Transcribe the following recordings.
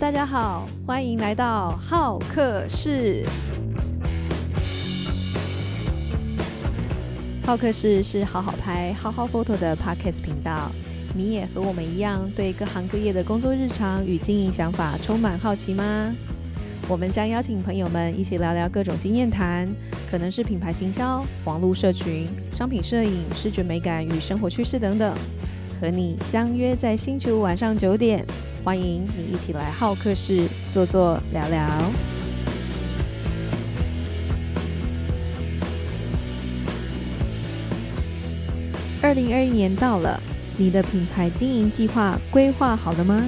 大家好，歡迎來到浩客室。浩客室是好好拍、好好 photo 的 Podcast 頻道。你也和我們一樣，對各行各業的工作日常與經營想法充滿好奇嗎？我們將邀請朋友們一起聊聊各種經驗談，可能是品牌行銷、網路社群、商品攝影、視覺美感與生活趨勢等等。和你相約在星期五晚上九點，歡迎你一起來好客室坐坐聊聊。二零二一年到了，你的品牌經營計劃規劃好了嗎？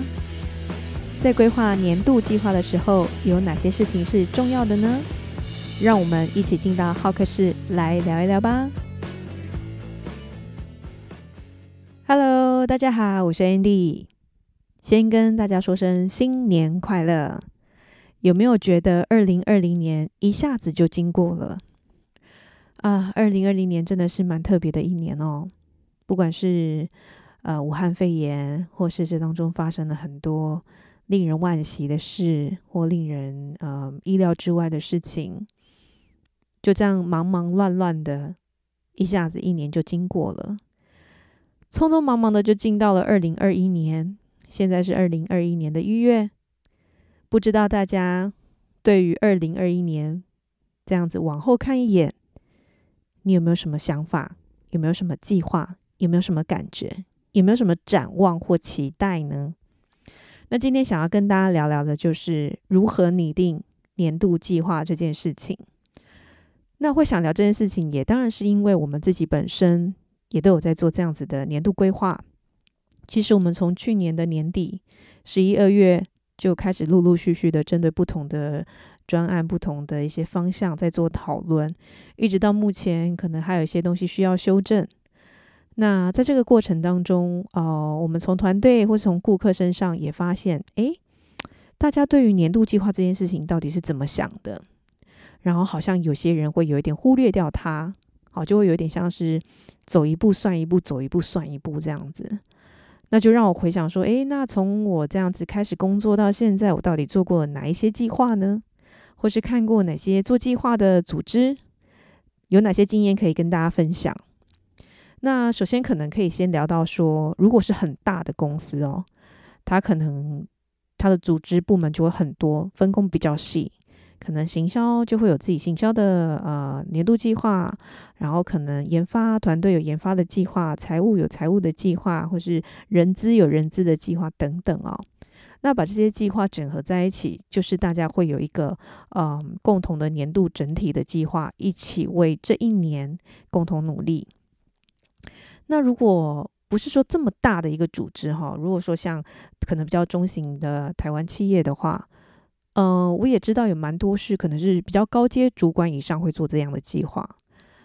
在規劃年度計劃的時候，有哪些事情是重要的呢？讓我們一起進到好客室來聊一聊吧。大家好，我是 Andy。先跟大家說聲新年快樂。有沒有覺得二零二零年一下子就經過了啊？二零二零年真的是蠻特別的一年哦。不管是呃武漢肺炎，或是這當中發生了很多令人惋惜的事，或令人呃意料之外的事情，就這樣忙忙亂亂的一下子，一年就經過了。匆匆忙忙的就進到了二零二一年，現在是二零二一年的一月。不知道大家對於二零二一年這樣子往後看一眼，你有沒有什麼想法？有沒有什麼計劃？有沒有什麼感覺？有沒有什麼展望或期待呢？那今天想要跟大家聊聊的就是如何擬定年度計劃這件事情。那會想聊這件事情，也當然是因為我們自己本身，也都有在做這樣子的年度規劃。其實我們從去年的年底十一二月就開始陸陸續續的針對不同的專案、不同的一些方向在做討論，一直到目前，可能還有一些東西需要修正。那在這個過程當中，呃，我們從團隊或從顧客身上也發現，哎，大家對於年度計劃這件事情到底是怎麼想的？然後好像有些人會有一點忽略掉它。好，就會有點像是走一步算一步，走一步算一步這樣子。那就讓我回想說，誒，那從我這樣子開始工作到現在，我到底做過哪一些計劃呢？或是看過哪些做計劃的組織？有哪些經驗可以跟大家分享？那首先可能可以先聊到說，如果是很大的公司哦，它可能它的組織部門就會很多，分工比較細。可能行銷就會有自己行銷的呃年度計劃，然後可能研發團隊有研發的計劃，財務有財務的計劃，或是人資有人資的計劃等等哦。那把這些計劃整合在一起，就是大家會有一個嗯、呃、共同的年度整體的計劃，一起為這一年共同努力。那如果不是說這麼大的一個組織哈、哦，如果說像可能比較中型的台灣企業的話。呃，我也知道有蠻多事，可能是比較高階主管以上會做這樣的計劃。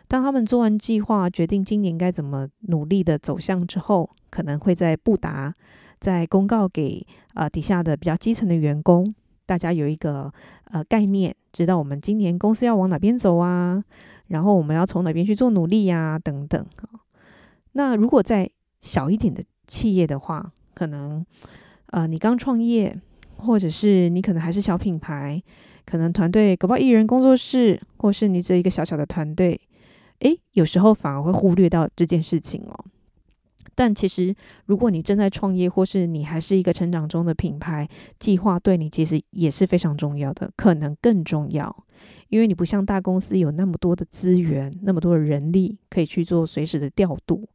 當他們做完計劃，決定今年該怎麼努力的走向之後，可能會在布達，在公告給呃底下的比較基層的員工，大家有一個呃概念，知道我們今年公司要往哪邊走啊，然後我們要從哪邊去做努力呀、啊，等等。那如果在小一點的企業的話，可能呃你剛創業。或者是你可能還是小品牌，可能團隊搞不好一人工作室，或是你這一個小小的團隊，哎，有時候反而會忽略到這件事情哦。但其實，如果你正在創業，或是你還是一個成長中的品牌，計劃對你其實也是非常重要的，可能更重要，因為你不像大公司有那麼多的資源，那麼多的人力可以去做隨時的調度。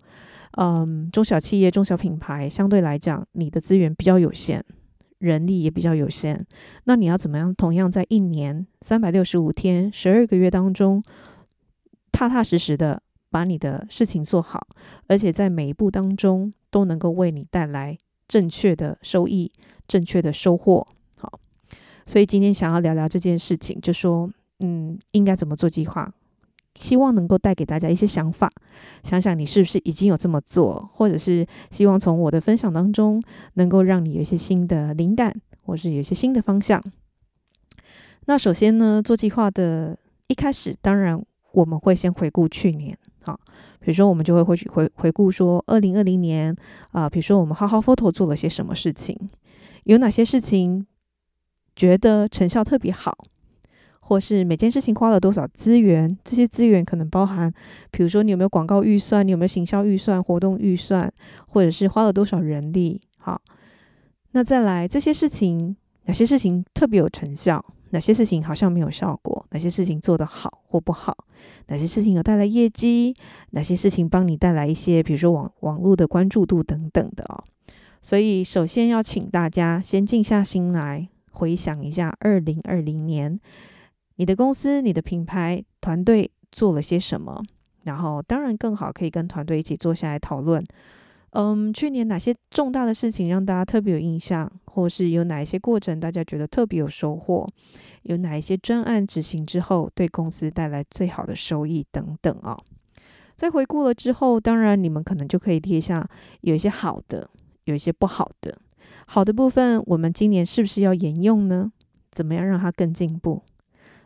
嗯，中小企業、中小品牌相對來講，你的資源比較有限。人力也比較有限，那你要怎麼樣？同樣在一年三百六十五天、十二個月當中，踏踏實實的把你的事情做好，而且在每一步當中都能夠為你帶來正確的收益、正確的收穫。好，所以今天想要聊聊這件事情，就說嗯，應該怎麼做計劃？希望能夠帶給大家一些想法，想想你是不是已經有這麼做，或者是希望從我的分享當中能夠讓你有一些新的靈感，或是有一些新的方向。那首先呢，做計劃的一開始，當然我們會先回顧去年啊，比如說我們就會回回回顧說2020年，二零二零年啊，比如說我們好好 photo 做了些什麼事情，有哪些事情覺得成效特別好，或是每件事情花了多少資源，這些資源可能包含，比如說你有沒有廣告預算，你有沒有行銷預算、活動預算，或者是花了多少人力。好，那再來這些事情，哪些事情特別有成效，哪些事情好像沒有效果，哪些事情做得好或不好，哪些事情有帶來業績，哪些事情幫你帶來一些，比如說網網路的關注度等等的哦，所以，首先要請大家先靜下心來回想一下二零二零年。你的公司、你的品牌、團隊做了些什麼？然後，當然更好可以跟團隊一起坐下來討論。嗯，去年哪些重大的事情讓大家特別有印象，或是有哪一些過程大家覺得特別有收穫？有哪一些專案執行之後對公司帶來最好的收益等等哦，在回顧了之後，當然你們可能就可以列下有一些好的，有一些不好的。好的部分，我們今年是不是要沿用呢？怎麼樣讓它更進步？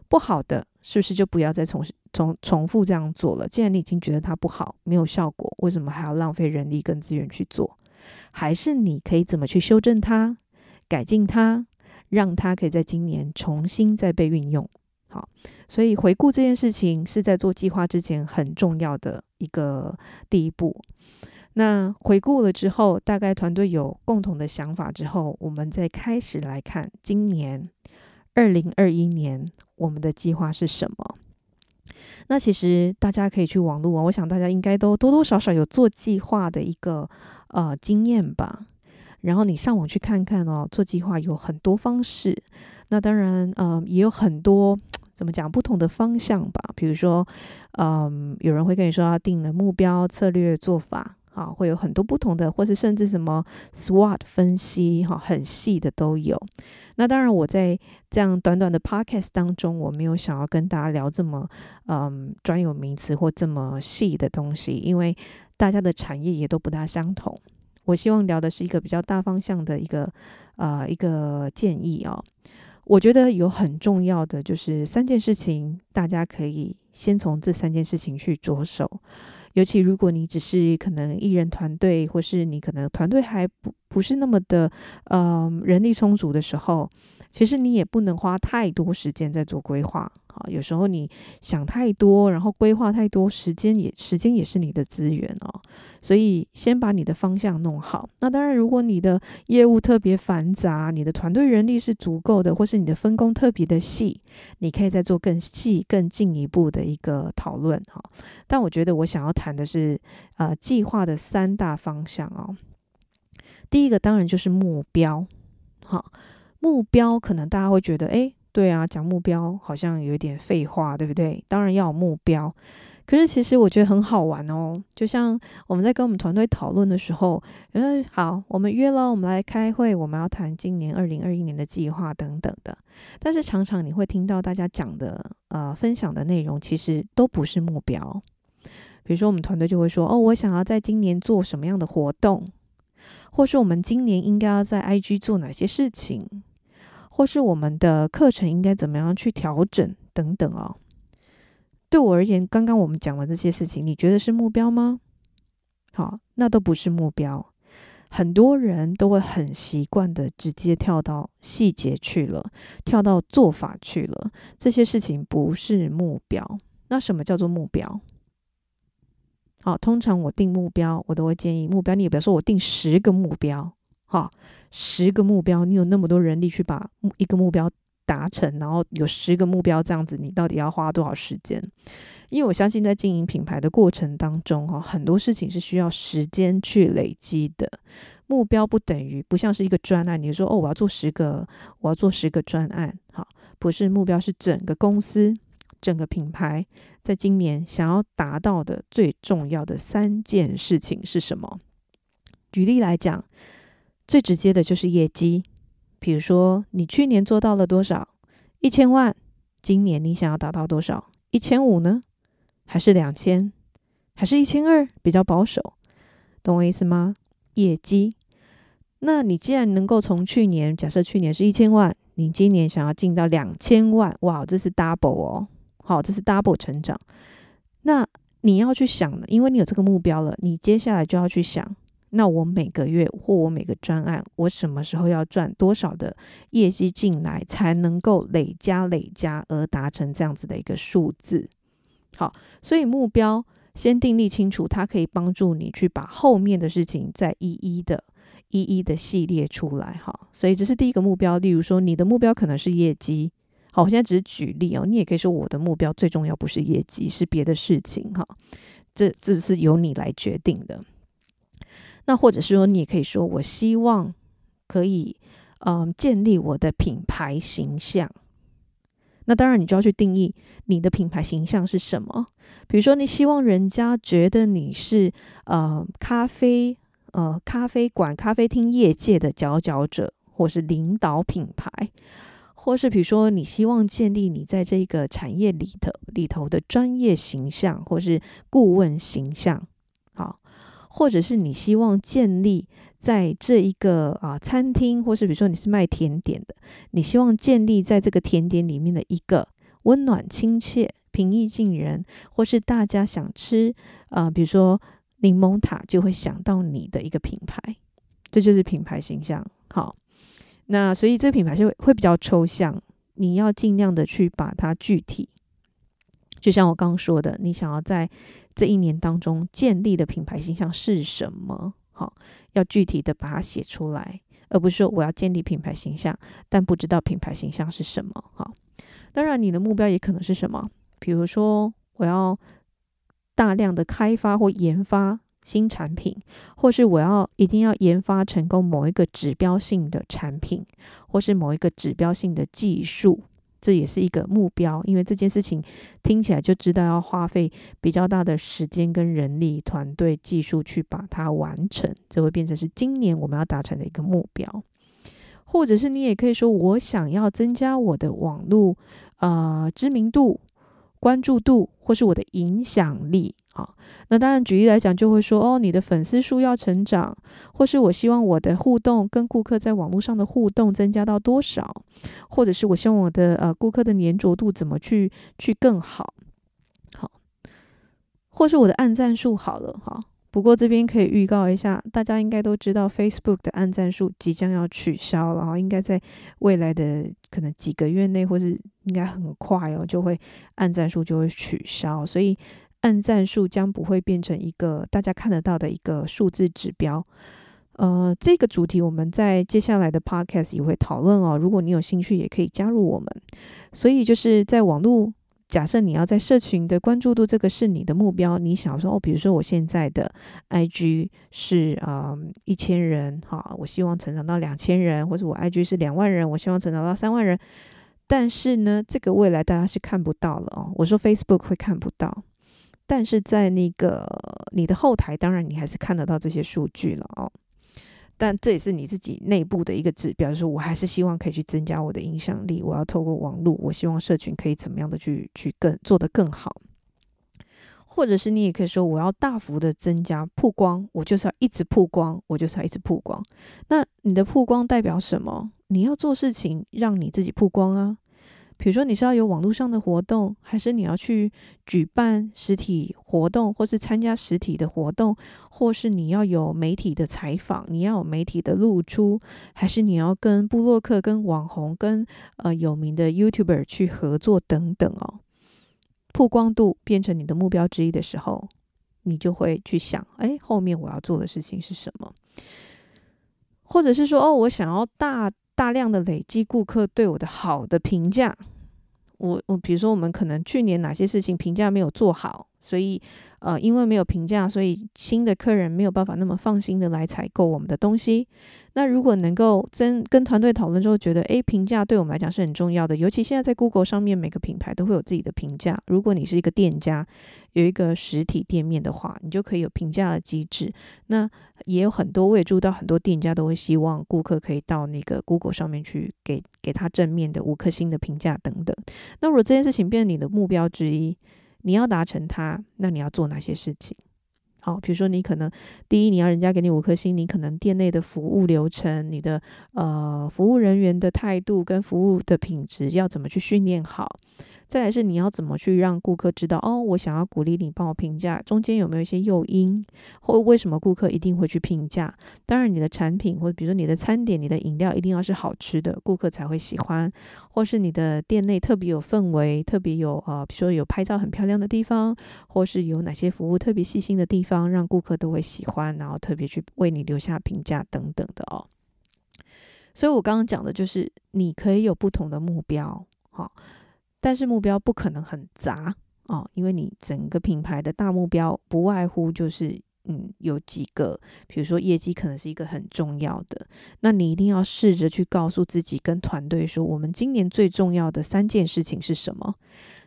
不好的，是不是就不要再重、重、重複這樣做了？既然你已經覺得它不好，沒有效果，為什麼還要浪費人力跟資源去做？還是你可以怎麼去修正它、改進它，讓它可以在今年重新再被運用？好，所以回顧這件事情是在做計劃之前很重要的一個第一步。那回顧了之後，大概團隊有共同的想法之後，我們再開始來看今年。二零二一年，我們的計劃是什麼？那其實大家可以去網絡哦，我想大家應該都多多少少有做計劃的一個呃經驗吧。然後你上網去看看哦，做計劃有很多方式。那當然，呃，也有很多怎麼講不同的方向吧。比如說，嗯、呃，有人會跟你說要定了目標、策略、做法。啊，會有很多不同的，或是甚至什麼 SWOT 分析，哈、啊，很細的都有。那當然，我在這樣短短的 Podcast 當中，我沒有想要跟大家聊這麼嗯專有名詞或這麼細的東西，因為大家的產業也都不大相同。我希望聊的是一個比較大方向的一個呃一個建議啊、哦。我覺得有很重要的就是三件事情，大家可以先從這三件事情去着手。尤其如果你只是可能一人團隊，或是你可能團隊還不不是那麼的，嗯、呃，人力充足的時候。其實你也不能花太多時間在做規劃，好，有時候你想太多，然後規劃太多，時間也時間也是你的資源哦。所以先把你的方向弄好。那當然，如果你的業務特別繁雜，你的團隊人力是足夠的，或是你的分工特別的細，你可以再做更細、更進一步的一個討論哈、哦。但我覺得我想要談的是呃，計劃的三大方向哦。第一個當然就是目標，好、哦。目標可能大家會覺得，哎，對啊，講目標好像有點廢話，對不對？當然要有目標，可是其實我覺得很好玩哦。就像我們在跟我們團隊討論的時候，嗯，好，我們約了，我們來開會，我們要談今年二零二一年的計劃等等的。但是常常你會聽到大家講的，呃，分享的內容其實都不是目標。比如說我們團隊就會說，哦，我想要在今年做什麼樣的活動，或是我們今年應該要在 IG 做哪些事情。或是我們的課程應該怎麼樣去調整等等哦。對我而言，剛剛我們講的這些事情，你覺得是目標嗎？好，那都不是目標。很多人都會很習慣的直接跳到細節去了，跳到做法去了。這些事情不是目標。那什麼叫做目標？好，通常我定目標，我都會建議目標。你也比如說，我定十個目標。好，十個目標，你有那麼多人力去把一個目標達成，然後有十個目標這樣子，你到底要花多少時間？因為我相信在經營品牌的過程當中，哈，很多事情是需要時間去累積的。目標不等於，不像是一個專案，你說哦，我要做十個，我要做十個專案，好，不是目標，是整個公司、整個品牌，在今年想要達到的最重要的三件事情是什麼？舉例來講。最直接的就是業績，比如說你去年做到了多少？一千萬，今年你想要達到多少？一千五呢？還是兩千？還是一千二？比較保守，懂我意思嗎？業績，那你既然能夠從去年，假設去年是一千萬，你今年想要進到兩千萬，哇，這是 double 哦，好，哦，這是 double 成長。那你要去想的，因為你有這個目標了，你接下來就要去想，那我每個月或我每個專案，我什麼時候要賺多少的業績進來，才能夠累加累加而達成這樣子的一個數字？好，所以目標先訂立清楚，它可以幫助你去把後面的事情再一一的、一一的系列出來。哈，所以這是第一個目標。例如說，你的目標可能是業績，好，我現在只是舉例哦，你也可以說我的目標最重要不是業績，是別的事情。哈、哦，這這是由你來決定的。那或者是說，你也可以說，我希望可以，嗯、呃，建立我的品牌形象。那當然，你就要去定義你的品牌形象是什麼。比如說，你希望人家覺得你是呃咖啡呃咖啡館、咖啡廳業界的佼佼者，或是領導品牌，或是比如說，你希望建立你在這個產業裡的裡頭的專業形象，或是顧問形象。或者是你希望建立在這一個啊、呃、餐廳，或是比如說你是賣甜點的，你希望建立在這個甜點裡面的一個溫暖、親切、平易近人，或是大家想吃啊、呃，比如說檸檬塔，就會想到你的一個品牌，這就是品牌形象。好，那所以這個品牌就會會比較抽象，你要盡量的去把它具體，就像我剛剛說的，你想要在這一年當中建立的品牌形象是什麼？哈、哦，要具體的把它寫出來，而不是說我要建立品牌形象，但不知道品牌形象是什麼。哈、哦，當然你的目標也可能是什麼，比如說我要大量的開發或研發新產品，或是我要一定要研發成功某一個指標性的產品，或是某一個指標性的技術。這也是一個目標，因為這件事情聽起來就知道要花費比較大的時間跟人力、團隊、技術去把它完成，這會變成是今年我們要達成的一個目標，或者是你也可以說，我想要增加我的網絡，呃，知名度。關注度或是我的影響力啊、哦，那當然舉例來講，就會說哦，你的粉絲數要成長，或是我希望我的互動跟顧客在網絡上的互動增加到多少，或者是我希望我的呃顧客的粘着度怎麼去去更好，好、哦，或是我的按贊數好了，好、哦。不過這邊可以預告一下，大家應該都知道，Facebook 的按讚數即將要取消了啊，應該在未來的可能幾個月內，或是應該很快哦，就會按讚數就會取消，所以按讚數將不會變成一個大家看得到的一個數字指標。呃，這個主題我們在接下來的 Podcast 也會討論哦，如果你有興趣，也可以加入我們。所以就是在網絡。假設你要在社群的關注度，這個是你的目標，你想說哦，比如說我現在的 IG 是啊一千人，好，我希望成長到兩千人，或者我 IG 是兩萬人，我希望成長到三萬人。但是呢，這個未來大家是看不到了哦。我說 Facebook 會看不到，但是在那個你的後台，當然你還是看得到這些數據了哦。但這也是你自己內部的一個指標，就是我還是希望可以去增加我的影響力。我要透過網絡，我希望社群可以怎麼樣的去去更做得更好，或者是你也可以說我要大幅的增加曝光，我就是要一直曝光，我就是要一直曝光。那你的曝光代表什麼？你要做事情讓你自己曝光啊。比如說你是要有網絡上的活動，還是你要去舉辦實體活動，或是參加實體的活動，或是你要有媒體的採訪，你要有媒體的露出，還是你要跟部落客、跟網紅、跟呃有名的 YouTuber 去合作等等哦。曝光度變成你的目標之一的時候，你就會去想，哎，後面我要做的事情是什麼？或者是說，哦，我想要大大量的累積顧客對我的好的評價。我我，我比如說，我們可能去年哪些事情評價沒有做好？所以，呃，因為沒有評價，所以新的客人沒有辦法那麼放心地來採購我們的東西。那如果能夠跟跟團隊討論之後，覺得哎，評價對我們來講是很重要的，尤其現在在 Google 上面，每個品牌都會有自己的評價。如果你是一個店家，有一個實體店面的話，你就可以有評價的機制。那也有很多，我也注意到很多店家都會希望顧客可以到那個 Google 上面去給給他正面的五顆星的評價等等。那如果這件事情變成你的目標之一，你要達成它，那你要做哪些事情？好，比如說你可能第一，你要人家給你五顆星，你可能店內的服務流程、你的呃服務人員的態度跟服務的品質要怎麼去訓練好。再來是你要怎麼去讓顧客知道哦，我想要鼓勵你幫我評價，中間有沒有一些誘因，或為什麼顧客一定會去評價？當然，你的產品或者比如說你的餐點、你的飲料一定要是好吃的，顧客才會喜歡；或是你的店內特別有氛圍，特別有呃，比如說有拍照很漂亮的地方，或是有哪些服務特別細心的地方，讓顧客都會喜歡，然後特別去為你留下評價等等的哦。所以我剛剛講的就是，你可以有不同的目標，好、哦。但是目標不可能很雜啊、哦，因為你整個品牌的大目標不外乎就是，嗯，有幾個，比如說業績可能是一個很重要的，那你一定要試着去告訴自己跟團隊說，我們今年最重要的三件事情是什麼。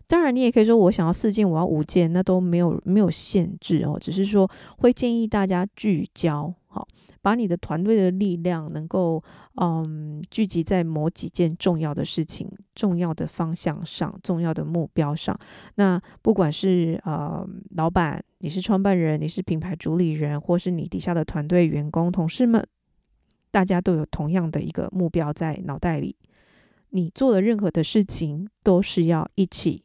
當然，你也可以說我想要四件，我要五件，那都沒有沒有限制哦。只是說會建議大家聚焦，好、哦，把你的團隊的力量能夠嗯聚集在某幾件重要的事情、重要的方向上、重要的目標上。那不管是呃老闆，你是創辦人，你是品牌主理人，或是你底下的團隊員工、同事們，大家都有同樣的一個目標在腦袋裡。你做的任何的事情都是要一起。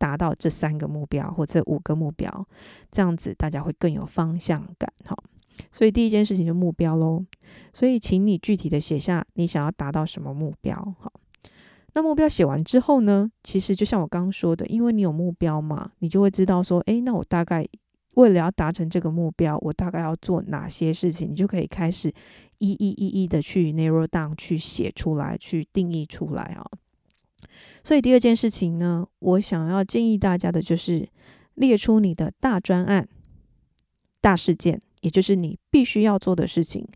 達到這三個目標或者五個目標，這樣子大家會更有方向感哈。所以第一件事情就目標嘍。所以請你具體的寫下你想要達到什麼目標哈。那目標寫完之後呢，其實就像我剛剛說的，因為你有目標嘛，你就會知道說，哎、欸，那我大概為了要達成這個目標，我大概要做哪些事情，你就可以開始一一一一的去 narrow down 去寫出來，去定義出來啊。所以第二件事情呢，我想要建議大家的就是列出你的大專案、大事件，也就是你必須要做的事情，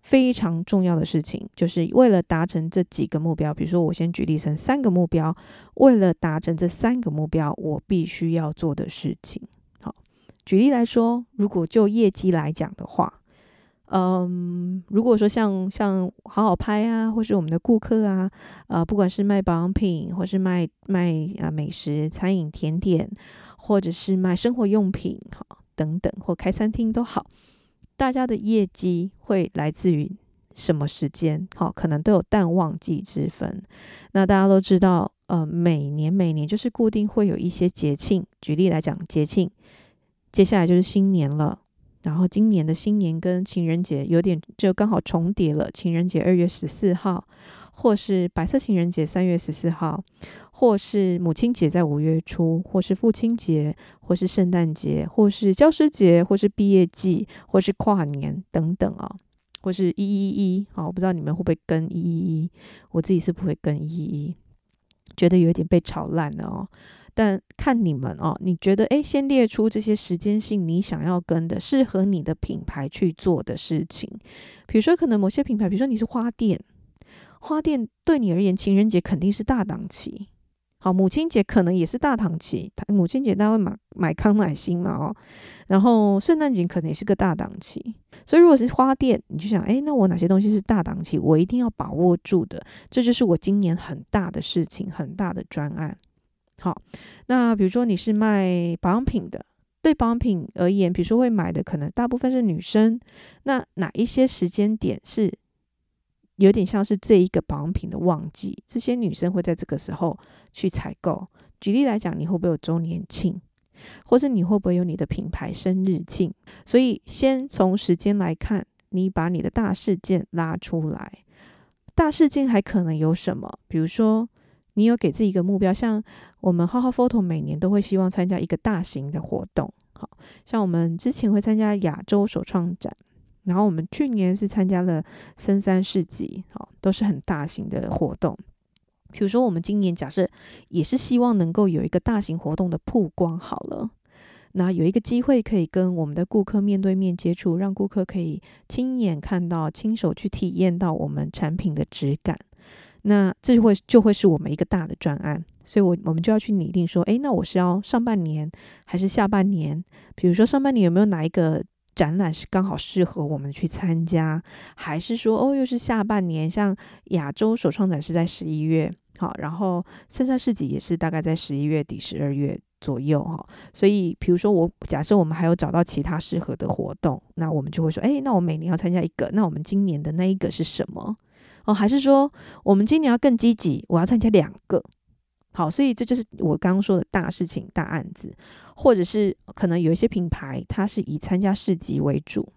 非常重要的事情，就是為了達成這幾個目標。比如說，我先舉例成三個目標，為了達成這三個目標，我必須要做的事情。好，舉例來說，如果就業績來講的話。嗯，如果說像像好好拍啊，或是我們的顧客啊，呃，不管是賣保養品，或是賣賣啊美食、餐飲、甜點，或者是賣生活用品，好，等等，或開餐廳都好，大家的業績會來自於什麼時間？好，可能都有淡旺季之分。那大家都知道，呃，每年每年就是固定會有一些節慶。舉例來講，節慶，接下來就是新年了。然後今年的新年跟情人節有點就剛好重疊了，情人節二月十四號，或是白色情人節三月十四號，或是母親節在五月初，或是父親節，或是聖誕節，或是教師節，或是畢業季，或是跨年等等啊，哦，或是一一一啊，我不知道你們會不會跟一一一，我自己是不會跟一一一，覺得有點被炒爛了哦。但看你們哦，你覺得哎，先列出這些時間性你想要跟的適合你的品牌去做的事情。比如說，可能某些品牌，比如說你是花店，花店對你而言，情人節肯定是大檔期。好，母親節可能也是大檔期，母親節大家會買買康乃馨嘛哦。然後聖誕節可能也是個大檔期，所以如果是花店，你就想，哎，那我哪些東西是大檔期，我一定要把握住的，這就是我今年很大的事情，很大的專案。好，那比如說你是賣保養品的，對保養品而言，比如說會買的可能大部分是女生，那哪一些時間點是有點像是這一個保養品的旺季？這些女生會在這個時候去採購。舉例來講，你會不會有周年慶，或是你會不會有你的品牌生日慶？所以先從時間來看，你把你的大事件拉出來。大事件還可能有什麼？比如說，你有給自己一個目標，像。我們 HowHow Photo 每年都會希望參加一個大型的活動，好像我們之前會參加亞洲手創展，然後我們去年是參加了森山市集。好，都是很大型的活動。比如說，我們今年假設也是希望能夠有一個大型活動的曝光，好了，那有一個機會可以跟我們的顧客面對面接觸，讓顧客可以親眼看到、親手去體驗到我們產品的質感。那這就會就會是我們一個大的專案，所以我，我我們就要去擬定說，哎，那我是要上半年還是下半年？比如說上半年有沒有哪一個展覽是剛好適合我們去參加，還是說，哦，又是下半年？像亞洲手創展是在十一月，好，哦，然後三三市集也是大概在十一月底、十二月左右，哈，哦。所以，比如說我假設我們還有找到其他適合的活動，那我們就會說，哎，那我每年要參加一個，那我們今年的那一個是什麼？哦，還是說我們今年要更積極？我要參加兩個，好，所以這就是我剛剛說的大事情、大案子，或者是可能有一些品牌，它是以參加市集為主。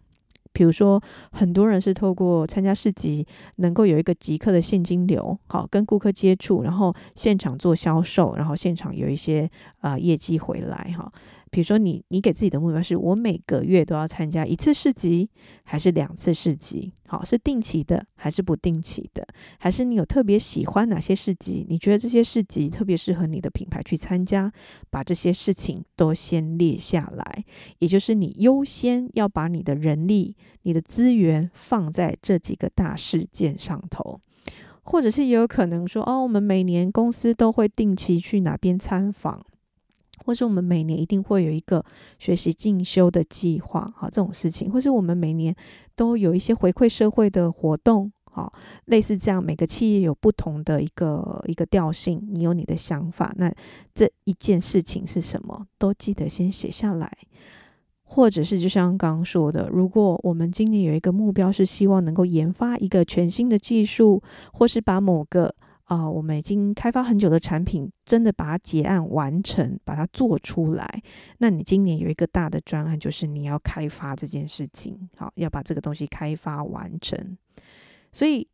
比如說，很多人是透過參加市集，能夠有一個即刻的現金流，好跟顧客接觸，然後現場做銷售，然後現場有一些呃業績回來，哈、哦。比如說你，你你給自己的目標是我每個月都要參加一次市集，還是兩次市集？好，是定期的還是不定期的？還是你有特別喜歡哪些市集？你覺得這些市集特別適合你的品牌去參加？把這些事情都先列下來，也就是你優先要把你的人力、你的資源放在這幾個大事件上頭，或者是也有可能說，哦，我們每年公司都會定期去哪邊參訪。或是我們每年一定會有一個學習進修的計劃，哈，這種事情，或是我們每年都有一些回饋社會的活動，哈，類似這樣，每個企業有不同的一個一個調性，你有你的想法，那這一件事情是什麼，都記得先寫下來，或者是就像剛剛說的，如果我們今年有一個目標，是希望能夠研發一個全新的技術，或是把某個，啊、呃，我們已經開發很久的產品，真的把它結案完成，把它做出來。那你今年有一個大的專案，就是你要開發這件事情，好，要把這個東西開發完成。所以，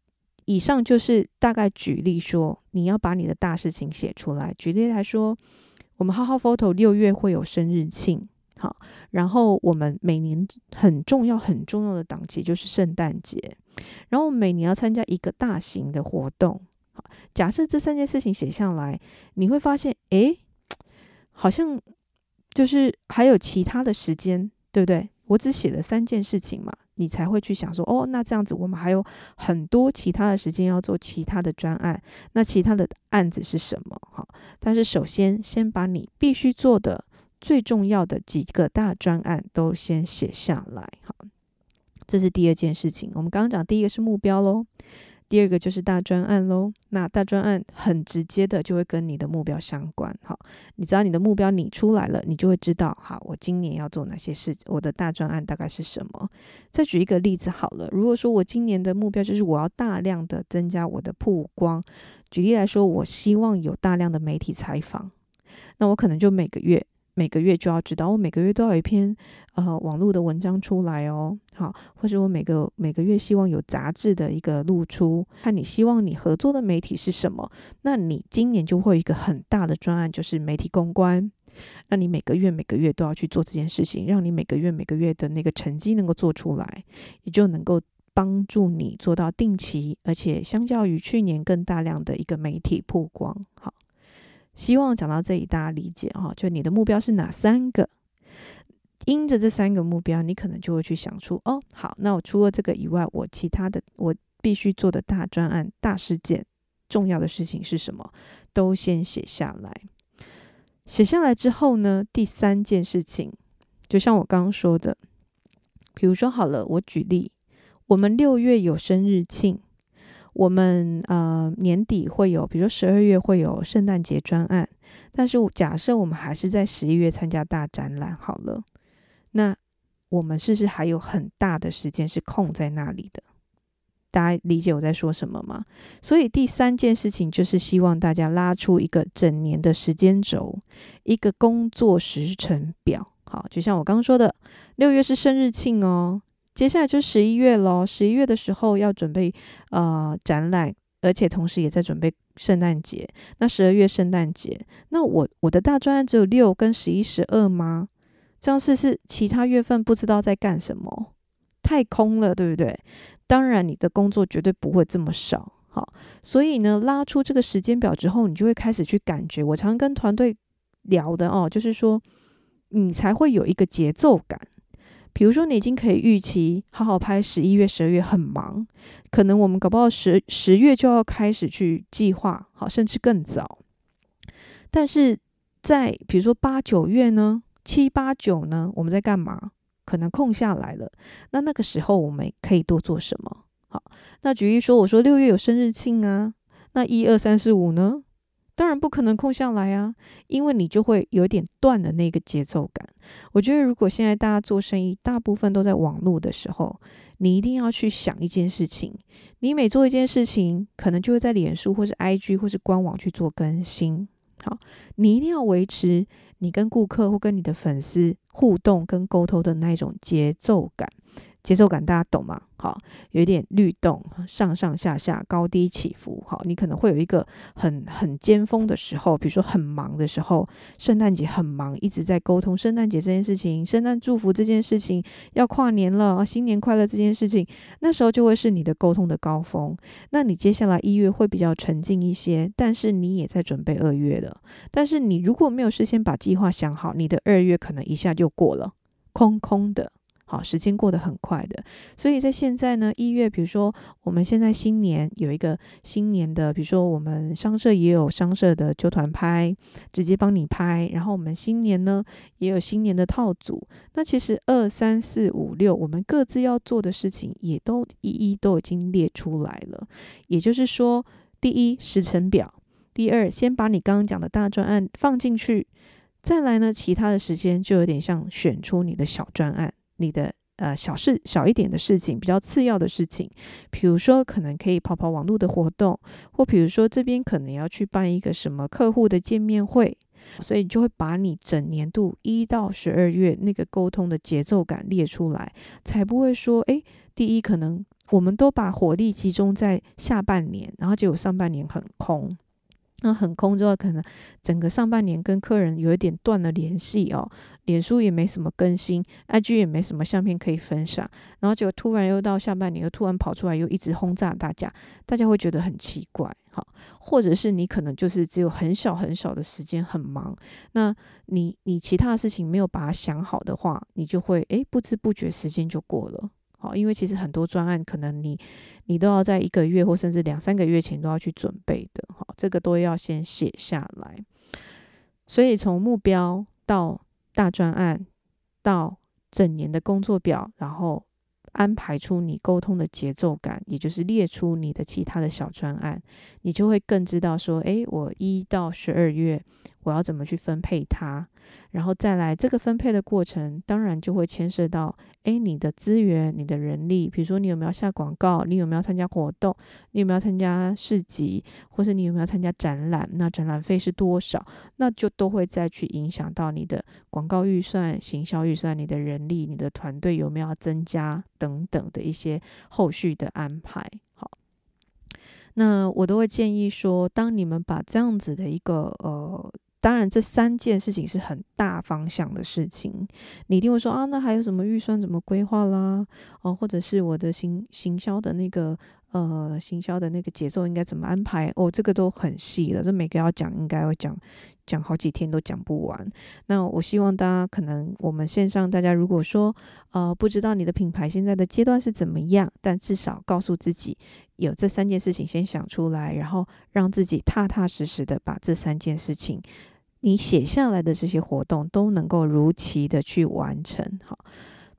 以上就是大概舉例說，你要把你的大事情寫出來。舉例來說，我們好好 Photo 六月會有生日慶，好，然後我們每年很重要很重要的檔期就是聖誕節，然後每年要參加一個大型的活動。好，假設這三件事情寫下來，你會發現，哎，好像就是還有其他的時間，對不對？我只寫了三件事情嘛，你才會去想說，哦，那這樣子我們還有很多其他的時間要做其他的專案，那其他的案子是什麼？哈，但是首先，先把你必須做的最重要的幾個大專案都先寫下來，好，這是第二件事情。我們剛剛講第一個是目標嘍。第二個就是大專案嘍，那大專案很直接的就會跟你的目標相關，好，你只要你的目標擬出來了，你就會知道，好，我今年要做哪些事，我的大專案大概是什麼。再舉一個例子好了，如果說我今年的目標就是我要大量的增加我的曝光，舉例來說，我希望有大量的媒體採訪，那我可能就每個月。每個月就要知道，我每個月都要有一篇呃網絡的文章出來哦，好，或者我每個每個月希望有雜誌的一個露出。看你希望你合作的媒體是什麼，那你今年就會有一個很大的專案，就是媒體公關。那你每個月每個月都要去做這件事情，讓你每個月每個月的那個成績能夠做出來，也就能夠幫助你做到定期，而且相較於去年更大量的一個媒體曝光，好。希望講到這裡，大家理解哈、哦。就你的目標是哪三個？因着這三個目標，你可能就會去想出哦，好，那我除了這個以外，我其他的我必須做的大專案、大事件、重要的事情是什麼，都先寫下來。寫下來之後呢，第三件事情，就像我剛剛說的，比如說好了，我舉例，我們六月有生日慶。我們呃年底會有，比如說十二月會有聖誕節專案，但是假設我們還是在十一月參加大展覽好了，那我們是不是還有很大的時間是空在那裡的？大家理解我在說什麼嗎？所以第三件事情就是希望大家拉出一個整年的時間軸，一個工作時程表。好，就像我剛剛說的，六月是生日慶哦。接下來就十一月咯，十一月的時候要準備呃展覽，而且同時也在準備聖誕節。那十二月聖誕節，那我我的大專案只有六跟十一、十二嗎？這樣是是其他月份不知道在幹什麼，太空了，對不對？當然你的工作絕對不會這麼少，好，哦，所以呢，拉出這個時間表之後，你就會開始去感覺。我常跟團隊聊的哦，就是說你才會有一個節奏感。比如說，你已經可以預期，好好拍十一月、十二月很忙，可能我們搞不好十十月就要開始去計劃，好，甚至更早。但是在比如說八九月呢，七八九呢，我們在幹嘛？可能空下來了，那那個時候我們可以多做什麼？好，那舉例說，我說六月有生日慶啊，那一二三四五呢？當然不可能空下來啊，因為你就會有一點斷的那個節奏感。我覺得如果現在大家做生意，大部分都在網絡的時候，你一定要去想一件事情。你每做一件事情，可能就會在臉書或是 IG 或是官網去做更新。好，你一定要維持你跟顧客或跟你的粉絲互動跟溝通的那種節奏感。節奏感大家懂嗎？好，有一點律動，上上下下高低起伏。好，你可能會有一個很很尖峰的時候，比如說很忙的時候，聖誕節很忙，一直在溝通聖誕節這件事情，聖誕祝福這件事情，要跨年了，新年快樂這件事情，那時候就會是你的溝通的高峰。那你接下來一月會比較沉靜一些，但是你也在準備二月了。但是你如果沒有事先把計劃想好，你的二月可能一下就過了，空空的。好，時間過得很快的，所以在現在呢，一月，比如說我們現在新年有一個新年的，比如說我們商攝也有商攝的揪團拍，直接幫你拍，然後我們新年呢也有新年的套組。那其實二三四五六，我們各自要做的事情也都一一都已經列出來了。也就是說，第一時程表，第二先把你剛剛講的大專案放進去，再來呢，其他的時間就有點像選出你的小專案。你的呃小事，小一點的事情，比較次要的事情，比如說可能可以跑跑網絡的活動，或比如說這邊可能要去辦一個什麼客戶的見面會，所以就會把你整年度一到十二月那個溝通的節奏感列出來，才不會說，哎，第一可能我們都把火力集中在下半年，然後結果上半年很空。那很空之後，可能整個上半年跟客人有一點斷了聯繫哦，臉書也沒什麼更新，IG 也沒什麼相片可以分享，然後結果突然又到下半年，又突然跑出來又一直轟炸大家，大家會覺得很奇怪，哈，或者是你可能就是只有很少很少的時間，很忙，那你你其他的事情沒有把它想好的話，你就會誒不知不覺時間就過了。因為其實很多專案，可能你你都要在一個月或甚至兩三個月前都要去準備的，哈，這個都要先寫下來。所以從目標到大專案，到整年的工作表，然後安排出你溝通的節奏感，也就是列出你的其他的小專案，你就會更知道說，誒，我一到十二月我要怎麼去分配它，然後再來這個分配的過程，當然就會牽涉到。誒，你的資源、你的人力，比如說你有沒有下廣告，你有沒有參加活動，你有沒有參加市集，或是你有沒有參加展覽？那展覽費是多少？那就都會再去影響到你的廣告預算、行銷預算、你的人力、你的團隊有沒有增加等等的一些後續的安排。好，那我都會建議說，當你們把這樣子的一個呃。當然，這三件事情是很大方向的事情。你一定會說啊，那還有什麼預算怎麼規劃啦？哦，或者是我的行行銷的那個呃，行銷的那個節奏應該怎麼安排？哦，這個都很細的，這每個要講應該要講講好幾天都講不完。那我希望大家可能我們線上大家如果說呃，不知道你的品牌現在的階段是怎麼樣，但至少告訴自己有這三件事情先想出來，然後讓自己踏踏實實的把這三件事情。你寫下來的這些活動都能夠如期的去完成，好，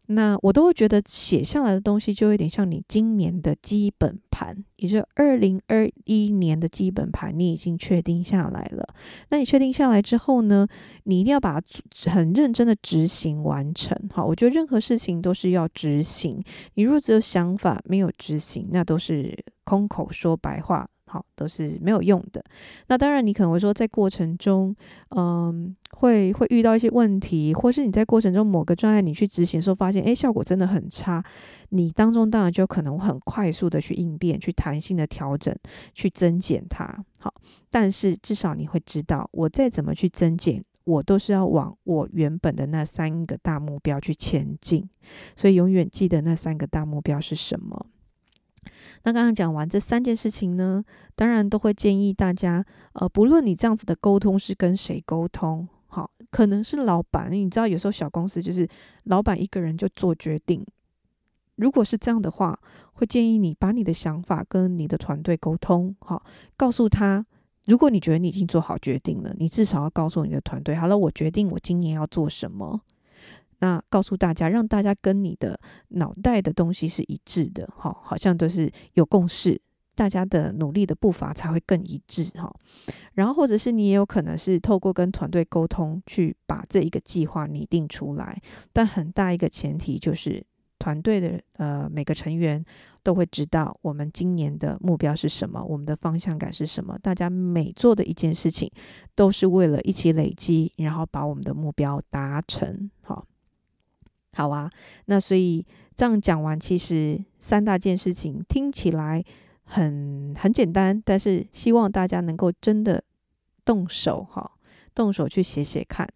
那我都會覺得寫下來的東西就有點像你今年的基本盤，也就2021年的基本盤，你已經確定下來了。那你確定下來之後呢，你一定要把它很認真的執行完成，好，我覺得任何事情都是要執行，你若只有想法沒有執行，那都是空口說白話。好，都是沒有用的。那當然，你可能會說，在過程中，嗯，會會遇到一些問題，或是你在過程中某個狀態，你去執行的時候發現，哎、欸，效果真的很差。你當中當然就可能很快速的去應變，去彈性的調整，去增減它。好，但是至少你會知道，我再怎麼去增減，我都是要往我原本的那三個大目標去前進。所以，永遠記得那三個大目標是什麼。那剛剛講完這三件事情呢，當然都會建議大家，呃，不論你這樣子的溝通是跟誰溝通，好，可能是老闆，你知道有時候小公司就是老闆一個人就做決定。如果是這樣的話，會建議你把你的想法跟你的團隊溝通，好，告訴他，如果你覺得你已經做好決定了，你至少要告訴你的團隊，好了，我決定我今年要做什麼。那告訴大家，讓大家跟你的腦袋的東西是一致的，好像都是有共識，大家的努力的步伐才會更一致，哈。然後，或者是你也有可能是透過跟團隊溝通去把這一個計劃擬定出來，但很大一個前提就是團隊的呃每個成員都會知道我們今年的目標是什麼，我們的方向感是什麼，大家每做的一件事情都是為了一起累積，然後把我們的目標達成，哈。好啊，那所以這樣講完，其實三大件事情聽起來很很簡單，但是希望大家能夠真的動手哈，動手去寫寫看，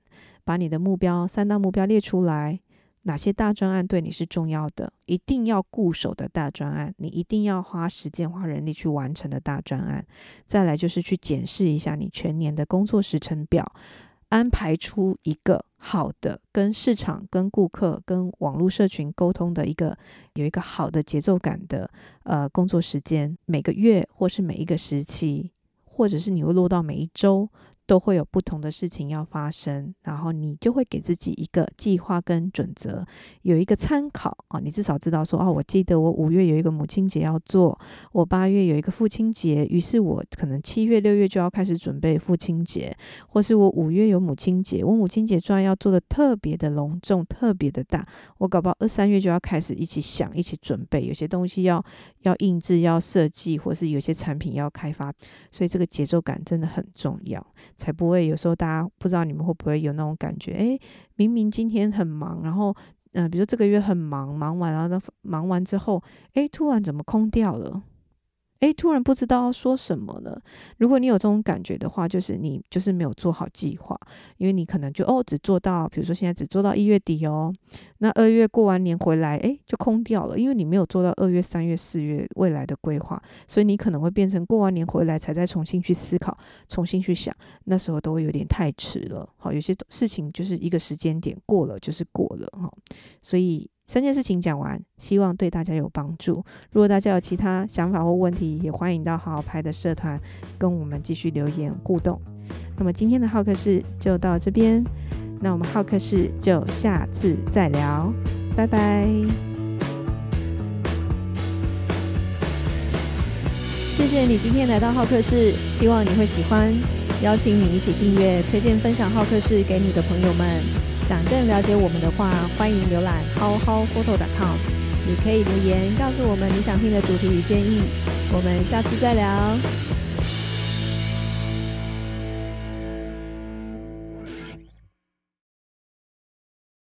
把你的目標三大目標列出來，哪些大專案對你是重要的，一定要固守的大專案，你一定要花時間花人力去完成的大專案，再來就是去檢視一下你全年的工作時程表。安排出一個好的跟市場、跟顧客、跟網絡社群溝通的一個有一個好的節奏感的呃工作時間，每個月或是每一個時期，或者是你會落到每一週，都會有不同的事情要發生，然後你就會給自己一個計劃跟準則，有一個參考啊，你至少知道說哦、啊，我記得我五月有一個母親節要做，我八月有一個父親節，於是我可能七月、六月就要開始準備父親節，或是我五月有母親節，我母親節就要做的特別的隆重、特別的大，我搞不好二三月就要開始一起想、一起準備，有些東西要要印制、要設計，或是有些產品要開發，所以這個節奏感真的很重要。才不會，有時候大家不知道你們會不會有那種感覺，哎，明明今天很忙，然後，嗯、呃，比如說這個月很忙，忙完然後忙完之後，哎，突然怎麼空掉了？誒，突然不知道說什麼了。如果你有這種感覺的話，就是你就是沒有做好計劃，因為你可能就哦，只做到，比如說現在只做到一月底哦，那二月過完年回來，誒，就空掉了，因為你沒有做到二月、三月、四月未來的規劃，所以你可能會變成過完年回來才再重新去思考、重新去想，那時候都會有點太遲了。好，有些事情就是一個時間點，過了就是過了哈，所以。三件事情講完，希望對大家有幫助。如果大家有其他想法或問題，也歡迎到好好拍的社團跟我們繼續留言互動。那麼今天的好客室就到這邊，那我們好客室就下次再聊，拜拜。謝謝你今天來到好客室，希望你會喜歡，邀請你一起訂閱、推薦、分享好客室給你的朋友們。想更了解我們的話，歡迎瀏覽 howhowphoto.com。你可以留言告訴我們你想聽的主題與建議。我們下次再聊。